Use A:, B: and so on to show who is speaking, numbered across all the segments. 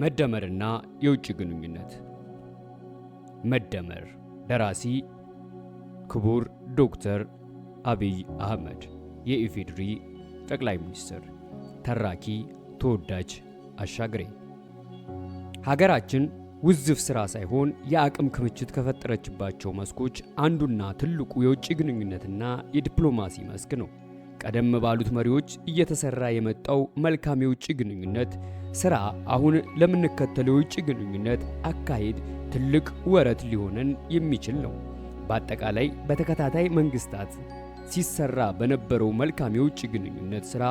A: መደመርና የውጭ ግንኙነት መደመር ደራሲ ክቡር ዶክተር አብይ አህመድ የኢፌድሪ ጠቅላይ ሚኒስትር ተራኪ ተወዳጅ አሻግሬ ሀገራችን ውዝፍ ስራ ሳይሆን የአቅም ክምችት ከፈጠረችባቸው መስኮች አንዱና ትልቁ የውጭ ግንኙነትና የዲፕሎማሲ መስክ ነው ቀደም ባሉት መሪዎች እየተሰራ የመጣው መልካም የውጭ ግንኙነት ስራ አሁን ለምንከተለው የውጭ ግንኙነት አካሄድ ትልቅ ወረት ሊሆነን የሚችል ነው። በአጠቃላይ በተከታታይ መንግስታት ሲሰራ በነበረው መልካም የውጭ ግንኙነት ስራ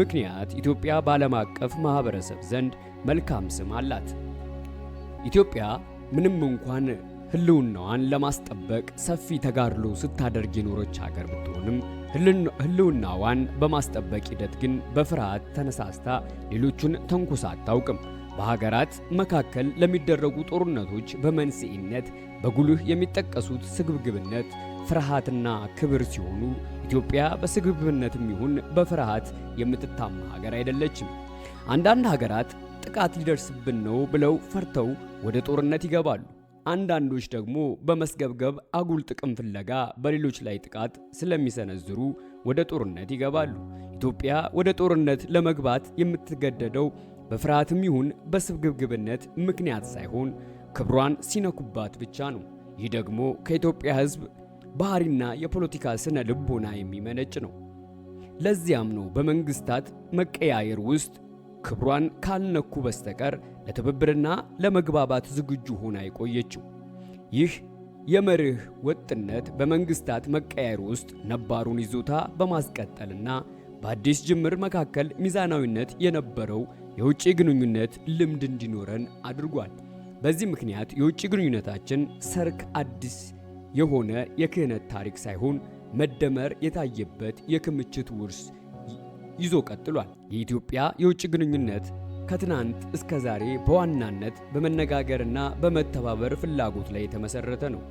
A: ምክንያት ኢትዮጵያ በዓለም አቀፍ ማህበረሰብ ዘንድ መልካም ስም አላት። ኢትዮጵያ ምንም እንኳን ህልውናዋን ለማስጠበቅ ሰፊ ተጋድሎ ስታደርግ የኖረች ሀገር ብትሆንም ህልውናዋን በማስጠበቅ ሂደት ግን በፍርሃት ተነሳስታ ሌሎቹን ተንኩሳ አታውቅም። በሀገራት መካከል ለሚደረጉ ጦርነቶች በመንስኤነት በጉልህ የሚጠቀሱት ስግብግብነት፣ ፍርሃትና ክብር ሲሆኑ ኢትዮጵያ በስግብግብነትም ይሁን በፍርሃት የምትታማ ሀገር አይደለችም። አንዳንድ ሀገራት ጥቃት ሊደርስብን ነው ብለው ፈርተው ወደ ጦርነት ይገባሉ። አንዳንዶች ደግሞ በመስገብገብ አጉል ጥቅም ፍለጋ በሌሎች ላይ ጥቃት ስለሚሰነዝሩ ወደ ጦርነት ይገባሉ። ኢትዮጵያ ወደ ጦርነት ለመግባት የምትገደደው በፍርሃትም ይሁን በስግብግብነት ምክንያት ሳይሆን ክብሯን ሲነኩባት ብቻ ነው። ይህ ደግሞ ከኢትዮጵያ ሕዝብ ባህሪና የፖለቲካ ስነ ልቦና የሚመነጭ ነው። ለዚያም ነው በመንግስታት መቀያየር ውስጥ ክብሯን ካልነኩ በስተቀር ለትብብርና ለመግባባት ዝግጁ ሆና የቆየችው። ይህ የመርህ ወጥነት በመንግስታት መቀየር ውስጥ ነባሩን ይዞታ በማስቀጠልና በአዲስ ጅምር መካከል ሚዛናዊነት የነበረው የውጭ ግንኙነት ልምድ እንዲኖረን አድርጓል። በዚህ ምክንያት የውጭ ግንኙነታችን ሰርክ አዲስ የሆነ የክህነት ታሪክ ሳይሆን መደመር የታየበት የክምችት ውርስ ይዞ ቀጥሏል። የኢትዮጵያ የውጭ ግንኙነት ከትናንት እስከ ዛሬ በዋናነት በመነጋገርና በመተባበር ፍላጎት ላይ የተመሰረተ ነው።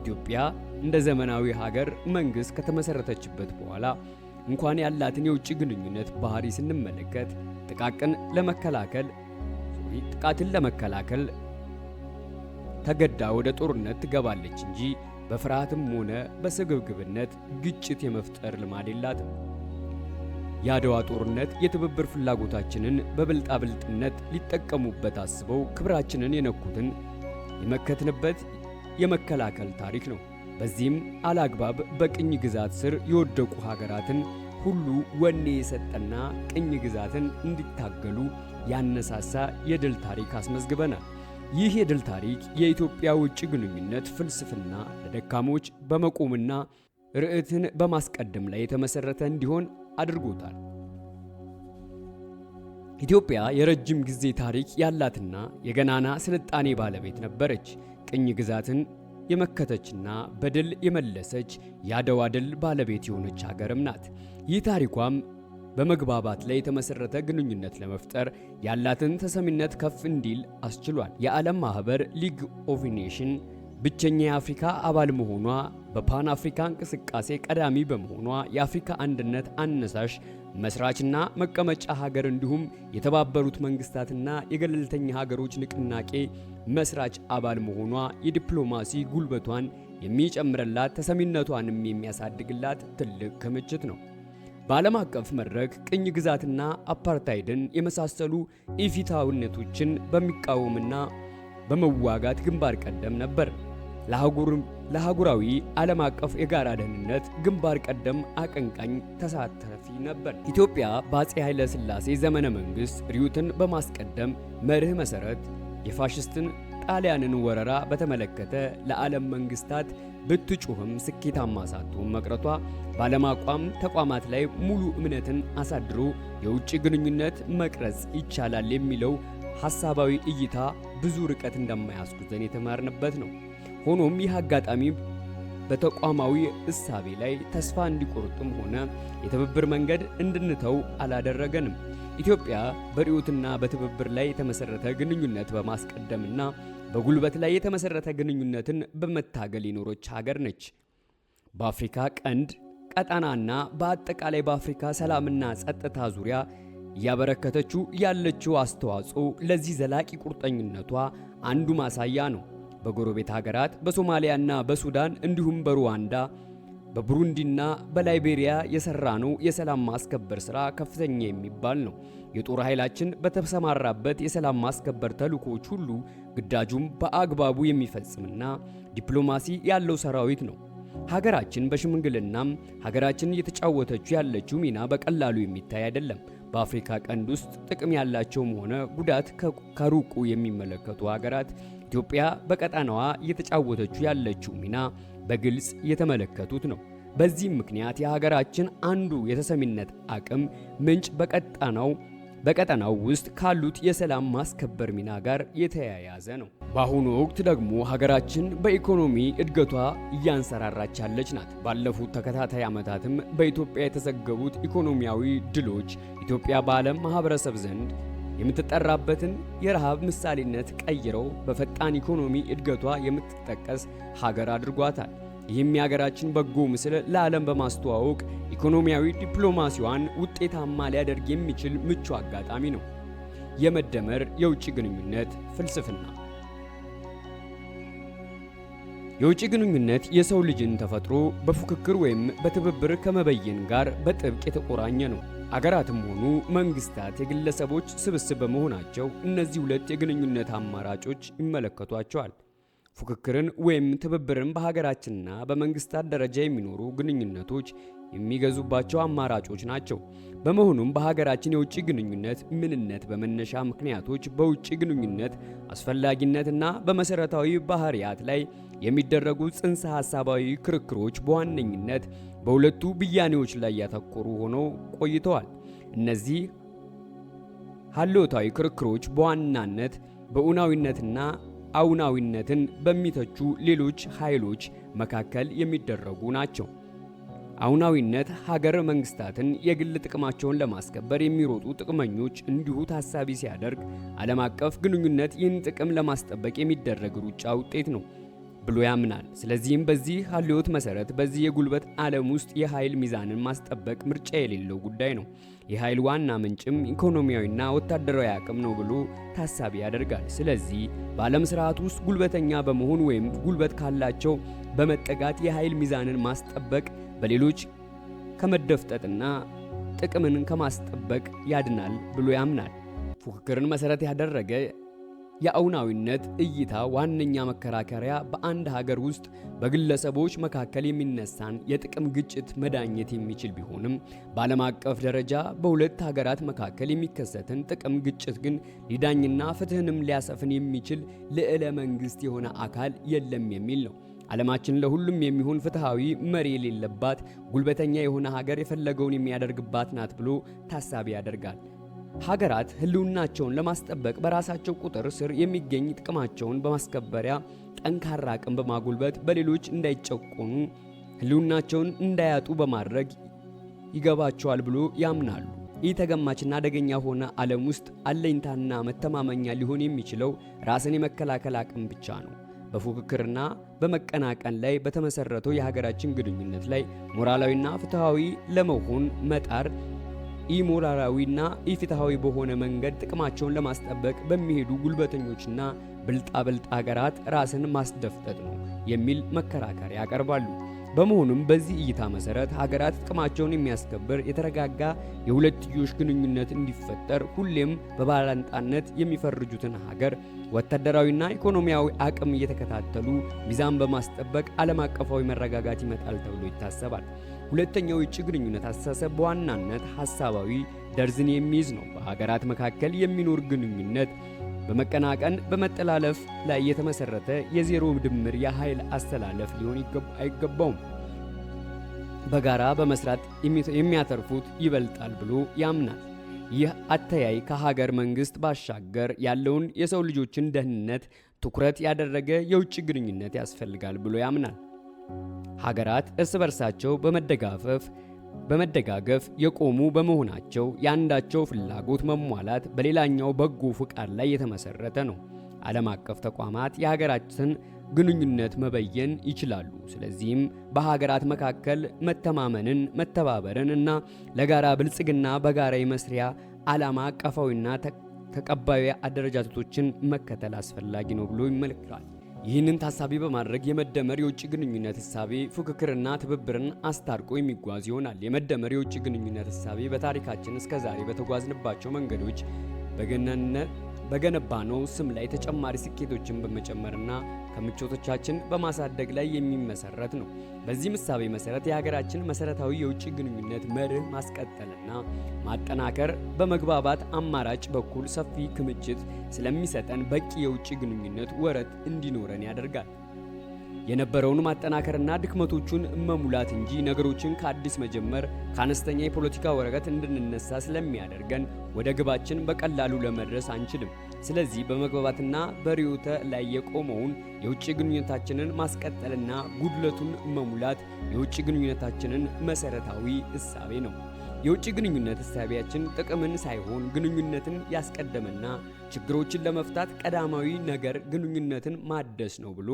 A: ኢትዮጵያ እንደ ዘመናዊ ሀገር መንግስት ከተመሰረተችበት በኋላ እንኳን ያላትን የውጭ ግንኙነት ባህሪ ስንመለከት ጥቃቅን ለመከላከል ጥቃትን ለመከላከል ተገዳ ወደ ጦርነት ትገባለች እንጂ በፍርሃትም ሆነ በስግብግብነት ግጭት የመፍጠር ልማድ የላትም። የአድዋ ጦርነት የትብብር ፍላጎታችንን በብልጣብልጥነት ሊጠቀሙበት አስበው ክብራችንን የነኩትን የመከትንበት የመከላከል ታሪክ ነው። በዚህም አላግባብ በቅኝ ግዛት ስር የወደቁ ሀገራትን ሁሉ ወኔ የሰጠና ቅኝ ግዛትን እንዲታገሉ ያነሳሳ የድል ታሪክ አስመዝግበናል። ይህ የድል ታሪክ የኢትዮጵያ ውጭ ግንኙነት ፍልስፍና ለደካሞች በመቆምና ርዕትን በማስቀደም ላይ የተመሰረተ እንዲሆን አድርጎታል። ኢትዮጵያ የረጅም ጊዜ ታሪክ ያላትና የገናና ስልጣኔ ባለቤት ነበረች። ቅኝ ግዛትን የመከተችና በድል የመለሰች የአድዋ ድል ባለቤት የሆነች ሀገርም ናት። ይህ ታሪኳም በመግባባት ላይ የተመሰረተ ግንኙነት ለመፍጠር ያላትን ተሰሚነት ከፍ እንዲል አስችሏል። የዓለም ማህበር ሊግ ኦፍ ኔሽን ብቸኛ የአፍሪካ አባል መሆኗ በፓን አፍሪካ እንቅስቃሴ ቀዳሚ በመሆኗ የአፍሪካ አንድነት አነሳሽ መስራችና መቀመጫ ሀገር እንዲሁም የተባበሩት መንግስታትና የገለልተኛ ሀገሮች ንቅናቄ መስራች አባል መሆኗ የዲፕሎማሲ ጉልበቷን የሚጨምርላት ተሰሚነቷንም የሚያሳድግላት ትልቅ ክምችት ነው። በዓለም አቀፍ መድረክ ቅኝ ግዛትና አፓርታይድን የመሳሰሉ ኢፍትሐዊነቶችን በሚቃወምና በመዋጋት ግንባር ቀደም ነበር። ለአህጉራዊ ዓለም አቀፍ የጋራ ደህንነት ግንባር ቀደም አቀንቃኝ ተሳተፊ ነበር። ኢትዮጵያ በአፄ ኃይለ ሥላሴ ዘመነ መንግሥት ሪዩትን በማስቀደም መርህ መሠረት የፋሽስትን ጣሊያንን ወረራ በተመለከተ ለዓለም መንግስታት ብትጩህም ስኬታማ ሳትሆን መቅረቷ በዓለም አቋም ተቋማት ላይ ሙሉ እምነትን አሳድሮ የውጭ ግንኙነት መቅረጽ ይቻላል የሚለው ሐሳባዊ እይታ ብዙ ርቀት እንደማያስጉዘን የተማርንበት ነው። ሆኖም ይህ አጋጣሚ በተቋማዊ እሳቤ ላይ ተስፋ እንዲቆርጥም ሆነ የትብብር መንገድ እንድንተው አላደረገንም። ኢትዮጵያ በርዕዮትና በትብብር ላይ የተመሰረተ ግንኙነት በማስቀደምና በጉልበት ላይ የተመሰረተ ግንኙነትን በመታገል የኖረች ሀገር ነች። በአፍሪካ ቀንድ ቀጠናና በአጠቃላይ በአፍሪካ ሰላምና ጸጥታ ዙሪያ እያበረከተችው ያለችው አስተዋጽኦ ለዚህ ዘላቂ ቁርጠኝነቷ አንዱ ማሳያ ነው። በጎረቤት ሀገራት በሶማሊያና በሱዳን እንዲሁም በሩዋንዳ በቡሩንዲና በላይቤሪያ የሰራነው የሰላም ማስከበር ስራ ከፍተኛ የሚባል ነው። የጦር ኃይላችን በተሰማራበት የሰላም ማስከበር ተልእኮዎች ሁሉ ግዳጁም በአግባቡ የሚፈጽምና ዲፕሎማሲ ያለው ሰራዊት ነው። ሀገራችን በሽምግልናም ሀገራችን እየተጫወተችው ያለችው ሚና በቀላሉ የሚታይ አይደለም። በአፍሪካ ቀንድ ውስጥ ጥቅም ያላቸውም ሆነ ጉዳት ከሩቁ የሚመለከቱ ሀገራት ኢትዮጵያ በቀጣናዋ እየተጫወተችው ያለችው ሚና በግልጽ የተመለከቱት ነው። በዚህም ምክንያት የሀገራችን አንዱ የተሰሚነት አቅም ምንጭ በቀጣናው በቀጠናው ውስጥ ካሉት የሰላም ማስከበር ሚና ጋር የተያያዘ ነው። በአሁኑ ወቅት ደግሞ ሀገራችን በኢኮኖሚ እድገቷ እያንሰራራች ያለች ናት። ባለፉት ተከታታይ ዓመታትም በኢትዮጵያ የተዘገቡት ኢኮኖሚያዊ ድሎች ኢትዮጵያ በዓለም ማህበረሰብ ዘንድ የምትጠራበትን የረሃብ ምሳሌነት ቀይረው በፈጣን ኢኮኖሚ እድገቷ የምትጠቀስ ሀገር አድርጓታል። ይህም የሀገራችን በጎ ምስል ለዓለም በማስተዋወቅ ኢኮኖሚያዊ ዲፕሎማሲዋን ውጤታማ ሊያደርግ የሚችል ምቹ አጋጣሚ ነው። የመደመር የውጭ ግንኙነት ፍልስፍና የውጭ ግንኙነት የሰው ልጅን ተፈጥሮ በፉክክር ወይም በትብብር ከመበየን ጋር በጥብቅ የተቆራኘ ነው። አገራትም ሆኑ መንግስታት የግለሰቦች ስብስብ በመሆናቸው እነዚህ ሁለት የግንኙነት አማራጮች ይመለከቷቸዋል። ፉክክርን ወይም ትብብርን በሀገራችንና በመንግስታት ደረጃ የሚኖሩ ግንኙነቶች የሚገዙባቸው አማራጮች ናቸው። በመሆኑም በሀገራችን የውጭ ግንኙነት ምንነት በመነሻ ምክንያቶች በውጭ ግንኙነት አስፈላጊነትና በመሰረታዊ ባህሪያት ላይ የሚደረጉ ጽንሰ ሐሳባዊ ክርክሮች በዋነኝነት በሁለቱ ብያኔዎች ላይ ያተኮሩ ሆነው ቆይተዋል። እነዚህ ሀልዮታዊ ክርክሮች በዋናነት በእውናዊነትና አውናዊነትን በሚተቹ ሌሎች ኃይሎች መካከል የሚደረጉ ናቸው። አሁናዊነት ሀገር መንግስታትን የግል ጥቅማቸውን ለማስከበር የሚሮጡ ጥቅመኞች እንዲሁ ታሳቢ ሲያደርግ ዓለም አቀፍ ግንኙነት ይህን ጥቅም ለማስጠበቅ የሚደረግ ሩጫ ውጤት ነው ብሎ ያምናል። ስለዚህም በዚህ ሀልዮት መሰረት በዚህ የጉልበት ዓለም ውስጥ የኃይል ሚዛንን ማስጠበቅ ምርጫ የሌለው ጉዳይ ነው። የኃይል ዋና ምንጭም ኢኮኖሚያዊና ወታደራዊ አቅም ነው ብሎ ታሳቢ ያደርጋል። ስለዚህ በዓለም ስርዓት ውስጥ ጉልበተኛ በመሆን ወይም ጉልበት ካላቸው በመጠጋት የኃይል ሚዛንን ማስጠበቅ በሌሎች ከመደፍጠጥና ጥቅምን ከማስጠበቅ ያድናል ብሎ ያምናል። ፉክክርን መሠረት ያደረገ የአውናዊነት እይታ ዋነኛ መከራከሪያ በአንድ ሀገር ውስጥ በግለሰቦች መካከል የሚነሳን የጥቅም ግጭት መዳኘት የሚችል ቢሆንም በዓለም አቀፍ ደረጃ በሁለት ሀገራት መካከል የሚከሰትን ጥቅም ግጭት ግን ሊዳኝና ፍትህንም ሊያሰፍን የሚችል ልዕለ መንግሥት የሆነ አካል የለም የሚል ነው። ዓለማችን ለሁሉም የሚሆን ፍትሃዊ መሪ የሌለባት ጉልበተኛ የሆነ ሀገር የፈለገውን የሚያደርግባት ናት ብሎ ታሳቢ ያደርጋል። ሀገራት ህልውናቸውን ለማስጠበቅ በራሳቸው ቁጥር ስር የሚገኝ ጥቅማቸውን በማስከበሪያ ጠንካራ አቅም በማጉልበት በሌሎች እንዳይጨቆኑ ህልውናቸውን እንዳያጡ በማድረግ ይገባቸዋል ብሎ ያምናሉ። ይህ ተገማችና አደገኛ ሆነ ዓለም ውስጥ አለኝታና መተማመኛ ሊሆን የሚችለው ራስን የመከላከል አቅም ብቻ ነው። በፉክክርና በመቀናቀን ላይ በተመሰረተው የሀገራችን ግንኙነት ላይ ሞራላዊና ፍትሐዊ ለመሆን መጣር ኢሞራላዊና ኢፍትሐዊ በሆነ መንገድ ጥቅማቸውን ለማስጠበቅ በሚሄዱ ጉልበተኞችና ብልጣብልጥ ሀገራት ራስን ማስደፍጠጥ ነው የሚል መከራከሪያ ያቀርባሉ። በመሆኑም በዚህ እይታ መሰረት ሀገራት ጥቅማቸውን የሚያስከብር የተረጋጋ የሁለትዮሽ ግንኙነት እንዲፈጠር ሁሌም በባላንጣነት የሚፈርጁትን ሀገር ወታደራዊና ኢኮኖሚያዊ አቅም እየተከታተሉ ሚዛን በማስጠበቅ ዓለም አቀፋዊ መረጋጋት ይመጣል ተብሎ ይታሰባል። ሁለተኛው የውጭ ግንኙነት አስተሳሰብ በዋናነት ሀሳባዊ ደርዝን የሚይዝ ነው። በሀገራት መካከል የሚኖር ግንኙነት በመቀናቀን በመጠላለፍ ላይ የተመሰረተ የዜሮ ድምር የኃይል አስተላለፍ ሊሆን አይገባውም። በጋራ በመስራት የሚያተርፉት ይበልጣል ብሎ ያምናል። ይህ አተያይ ከሀገር መንግስት ባሻገር ያለውን የሰው ልጆችን ደህንነት ትኩረት ያደረገ የውጭ ግንኙነት ያስፈልጋል ብሎ ያምናል። ሀገራት እርስ በርሳቸው በመደጋፈፍ በመደጋገፍ የቆሙ በመሆናቸው የአንዳቸው ፍላጎት መሟላት በሌላኛው በጎ ፍቃድ ላይ የተመሰረተ ነው። ዓለም አቀፍ ተቋማት የሀገራችን ግንኙነት መበየን ይችላሉ። ስለዚህም በሀገራት መካከል መተማመንን፣ መተባበርን እና ለጋራ ብልጽግና በጋራ የመስሪያ ዓላማ አቀፋዊና ተቀባዊ አደረጃጀቶችን መከተል አስፈላጊ ነው ብሎ ይመለክታል። ይህንን ታሳቢ በማድረግ የመደመር የውጭ ግንኙነት እሳቤ ፉክክርና ትብብርን አስታርቆ የሚጓዝ ይሆናል። የመደመር የውጭ ግንኙነት እሳቤ በታሪካችን እስከዛሬ በተጓዝንባቸው መንገዶች በገነነ በገነባ ነው ስም ላይ ተጨማሪ ስኬቶችን በመጨመርና ከምቾቶቻችን በማሳደግ ላይ የሚመሰረት ነው። በዚህ ምሳሌ መሰረት የሀገራችን መሰረታዊ የውጭ ግንኙነት መርህ ማስቀጠልና ማጠናከር በመግባባት አማራጭ በኩል ሰፊ ክምችት ስለሚሰጠን በቂ የውጭ ግንኙነት ወረት እንዲኖረን ያደርጋል። የነበረውን ማጠናከርና ድክመቶቹን መሙላት እንጂ ነገሮችን ከአዲስ መጀመር ከአነስተኛ የፖለቲካ ወረቀት እንድንነሳ ስለሚያደርገን ወደ ግባችን በቀላሉ ለመድረስ አንችልም። ስለዚህ በመግባባትና በርዕዮተ ላይ የቆመውን የውጭ ግንኙነታችንን ማስቀጠልና ጉድለቱን መሙላት የውጭ ግንኙነታችንን መሰረታዊ እሳቤ ነው። የውጭ ግንኙነት እሳቤያችን ጥቅምን ሳይሆን ግንኙነትን ያስቀደመና ችግሮችን ለመፍታት ቀዳማዊ ነገር ግንኙነትን ማደስ ነው ብሎ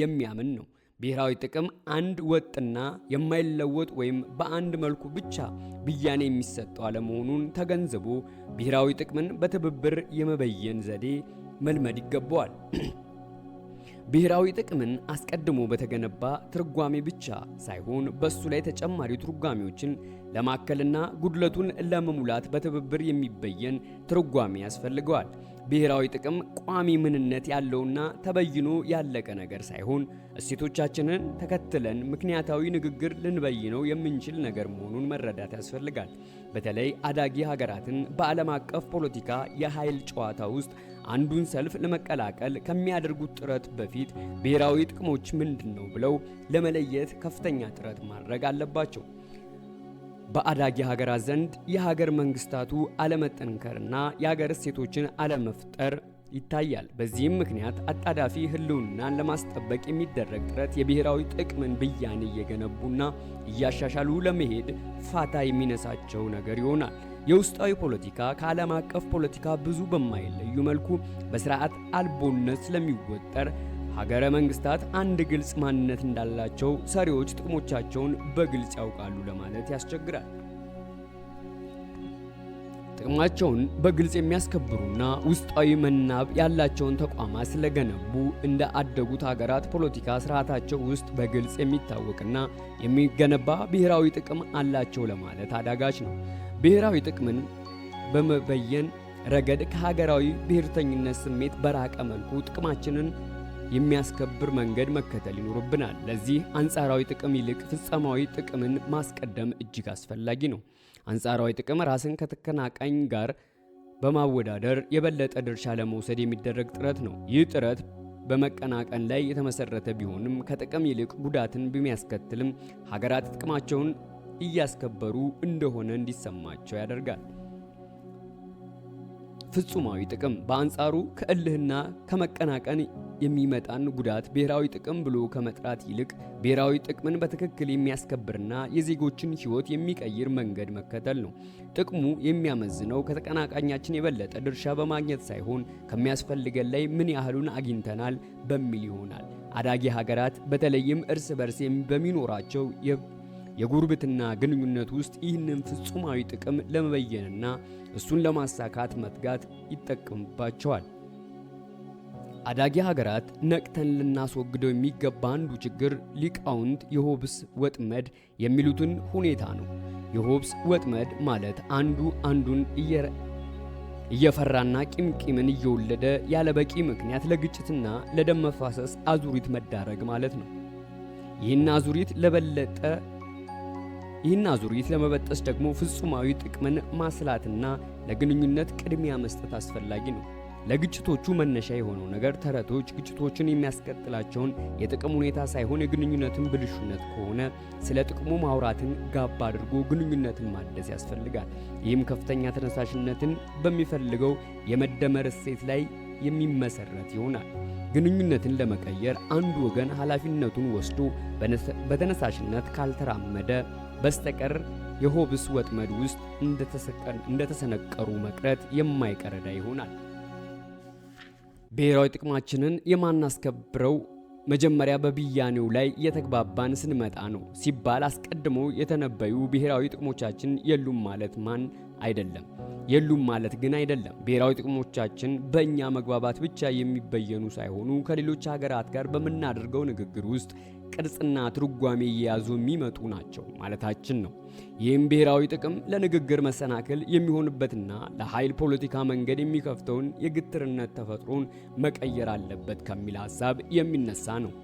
A: የሚያምን ነው። ብሔራዊ ጥቅም አንድ ወጥና የማይለወጥ ወይም በአንድ መልኩ ብቻ ብያኔ የሚሰጠው አለመሆኑን ተገንዝቦ ብሔራዊ ጥቅምን በትብብር የመበየን ዘዴ መልመድ ይገባዋል። ብሔራዊ ጥቅምን አስቀድሞ በተገነባ ትርጓሜ ብቻ ሳይሆን በእሱ ላይ ተጨማሪ ትርጓሜዎችን ለማከልና ጉድለቱን ለመሙላት በትብብር የሚበየን ትርጓሜ ያስፈልገዋል። ብሔራዊ ጥቅም ቋሚ ምንነት ያለውና ተበይኖ ያለቀ ነገር ሳይሆን እሴቶቻችንን ተከትለን ምክንያታዊ ንግግር ልንበይነው የምንችል ነገር መሆኑን መረዳት ያስፈልጋል። በተለይ አዳጊ ሀገራትን በዓለም አቀፍ ፖለቲካ የኃይል ጨዋታ ውስጥ አንዱን ሰልፍ ለመቀላቀል ከሚያደርጉት ጥረት በፊት ብሔራዊ ጥቅሞች ምንድን ነው ብለው ለመለየት ከፍተኛ ጥረት ማድረግ አለባቸው። በአዳጊ ሀገራት ዘንድ የሀገር መንግስታቱ አለመጠንከርና የሀገር እሴቶችን አለመፍጠር ይታያል። በዚህም ምክንያት አጣዳፊ ህልውናን ለማስጠበቅ የሚደረግ ጥረት የብሔራዊ ጥቅምን ብያኔ እየገነቡና እያሻሻሉ ለመሄድ ፋታ የሚነሳቸው ነገር ይሆናል። የውስጣዊ ፖለቲካ ከዓለም አቀፍ ፖለቲካ ብዙ በማይለዩ መልኩ በስርዓት አልቦነት ስለሚወጠር ሀገረ መንግስታት አንድ ግልጽ ማንነት እንዳላቸው ሰሪዎች ጥቅሞቻቸውን በግልጽ ያውቃሉ ለማለት ያስቸግራል። ጥቅማቸውን በግልጽ የሚያስከብሩና ውስጣዊ መናብ ያላቸውን ተቋማት ስለገነቡ እንደ አደጉት ሀገራት ፖለቲካ ስርዓታቸው ውስጥ በግልጽ የሚታወቅና የሚገነባ ብሔራዊ ጥቅም አላቸው ለማለት አዳጋች ነው። ብሔራዊ ጥቅምን በመበየን ረገድ ከሀገራዊ ብሔርተኝነት ስሜት በራቀ መልኩ ጥቅማችንን የሚያስከብር መንገድ መከተል ይኖርብናል። ለዚህ አንጻራዊ ጥቅም ይልቅ ፍጻማዊ ጥቅምን ማስቀደም እጅግ አስፈላጊ ነው። አንጻራዊ ጥቅም ራስን ከተቀናቃኝ ጋር በማወዳደር የበለጠ ድርሻ ለመውሰድ የሚደረግ ጥረት ነው። ይህ ጥረት በመቀናቀን ላይ የተመሰረተ ቢሆንም ከጥቅም ይልቅ ጉዳትን በሚያስከትልም ሀገራት ጥቅማቸውን እያስከበሩ እንደሆነ እንዲሰማቸው ያደርጋል። ፍጹማዊ ጥቅም በአንጻሩ ከእልህና ከመቀናቀን የሚመጣን ጉዳት ብሔራዊ ጥቅም ብሎ ከመጥራት ይልቅ ብሔራዊ ጥቅምን በትክክል የሚያስከብርና የዜጎችን ሕይወት የሚቀይር መንገድ መከተል ነው። ጥቅሙ የሚያመዝነው ከተቀናቃኛችን የበለጠ ድርሻ በማግኘት ሳይሆን ከሚያስፈልገን ላይ ምን ያህሉን አግኝተናል በሚል ይሆናል። አዳጊ ሀገራት በተለይም እርስ በርስ በሚኖራቸው የጉርብትና ግንኙነት ውስጥ ይህንን ፍጹማዊ ጥቅም ለመበየንና እሱን ለማሳካት መትጋት ይጠቀምባቸዋል። አዳጊ ሀገራት ነቅተን ልናስወግደው የሚገባ አንዱ ችግር ሊቃውንት የሆብስ ወጥመድ የሚሉትን ሁኔታ ነው። የሆብስ ወጥመድ ማለት አንዱ አንዱን እየፈራና ቂምቂምን እየወለደ ያለ በቂ ምክንያት ለግጭትና ለደም መፋሰስ አዙሪት መዳረግ ማለት ነው። ይህን አዙሪት ለበለጠ ይህን አዙሪት ለመበጠስ ደግሞ ፍጹማዊ ጥቅምን ማስላትና ለግንኙነት ቅድሚያ መስጠት አስፈላጊ ነው። ለግጭቶቹ መነሻ የሆነው ነገር ተረቶች ግጭቶችን የሚያስቀጥላቸውን የጥቅም ሁኔታ ሳይሆን የግንኙነትን ብልሹነት ከሆነ ስለ ጥቅሙ ማውራትን ጋብ አድርጎ ግንኙነትን ማደስ ያስፈልጋል። ይህም ከፍተኛ ተነሳሽነትን በሚፈልገው የመደመር እሴት ላይ የሚመሰረት ይሆናል። ግንኙነትን ለመቀየር አንዱ ወገን ኃላፊነቱን ወስዶ በተነሳሽነት ካልተራመደ በስተቀር የሆብስ ወጥመድ ውስጥ እንደተሰነቀሩ መቅረት የማይቀረዳ ይሆናል። ብሔራዊ ጥቅማችንን የማናስከብረው መጀመሪያ በብያኔው ላይ የተግባባን ስንመጣ ነው ሲባል አስቀድሞ የተነበዩ ብሔራዊ ጥቅሞቻችን የሉም ማለት ማን አይደለም። የሉም ማለት ግን አይደለም። ብሔራዊ ጥቅሞቻችን በእኛ መግባባት ብቻ የሚበየኑ ሳይሆኑ ከሌሎች ሀገራት ጋር በምናደርገው ንግግር ውስጥ ቅርጽና ትርጓሜ እየያዙ የሚመጡ ናቸው ማለታችን ነው። ይህም ብሔራዊ ጥቅም ለንግግር መሰናክል የሚሆንበትና ለኃይል ፖለቲካ መንገድ የሚከፍተውን የግትርነት ተፈጥሮን መቀየር አለበት ከሚል ሀሳብ የሚነሳ ነው።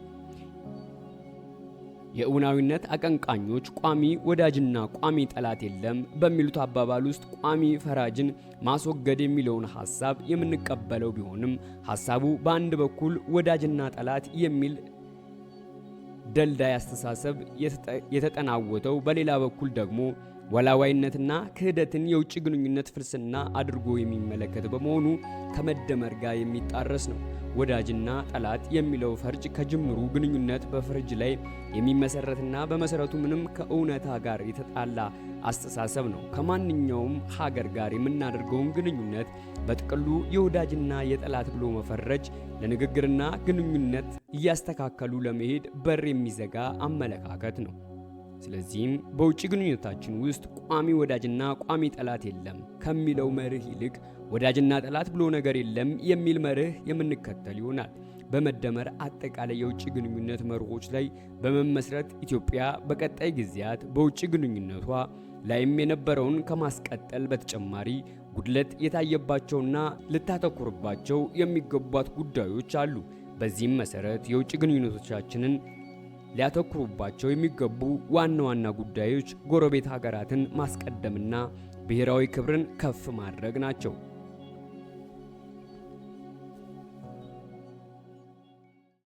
A: የእውናዊነት አቀንቃኞች ቋሚ ወዳጅና ቋሚ ጠላት የለም በሚሉት አባባል ውስጥ ቋሚ ፈራጅን ማስወገድ የሚለውን ሀሳብ የምንቀበለው ቢሆንም ሀሳቡ በአንድ በኩል ወዳጅና ጠላት የሚል ደልዳይ አስተሳሰብ የተጠናወተው፣ በሌላ በኩል ደግሞ ወላዋይነትና ክህደትን የውጭ ግንኙነት ፍልስና አድርጎ የሚመለከት በመሆኑ ከመደመር ጋር የሚጣረስ ነው። ወዳጅና ጠላት የሚለው ፈርጅ ከጅምሩ ግንኙነት በፈርጅ ላይ የሚመሰረትና በመሰረቱ ምንም ከእውነታ ጋር የተጣላ አስተሳሰብ ነው። ከማንኛውም ሀገር ጋር የምናደርገውን ግንኙነት በጥቅሉ የወዳጅና የጠላት ብሎ መፈረጅ ለንግግርና ግንኙነት እያስተካከሉ ለመሄድ በር የሚዘጋ አመለካከት ነው። ስለዚህም በውጭ ግንኙነታችን ውስጥ ቋሚ ወዳጅና ቋሚ ጠላት የለም ከሚለው መርህ ይልቅ ወዳጅና ጠላት ብሎ ነገር የለም የሚል መርህ የምንከተል ይሆናል። በመደመር አጠቃላይ የውጭ ግንኙነት መርሆች ላይ በመመስረት ኢትዮጵያ በቀጣይ ጊዜያት በውጭ ግንኙነቷ ላይም የነበረውን ከማስቀጠል በተጨማሪ ጉድለት የታየባቸውና ልታተኩርባቸው የሚገቧት ጉዳዮች አሉ። በዚህም መሰረት የውጭ ግንኙነቶቻችንን ሊያተኩሩባቸው የሚገቡ ዋና ዋና ጉዳዮች ጎረቤት ሀገራትን ማስቀደምና ብሔራዊ ክብርን ከፍ ማድረግ ናቸው።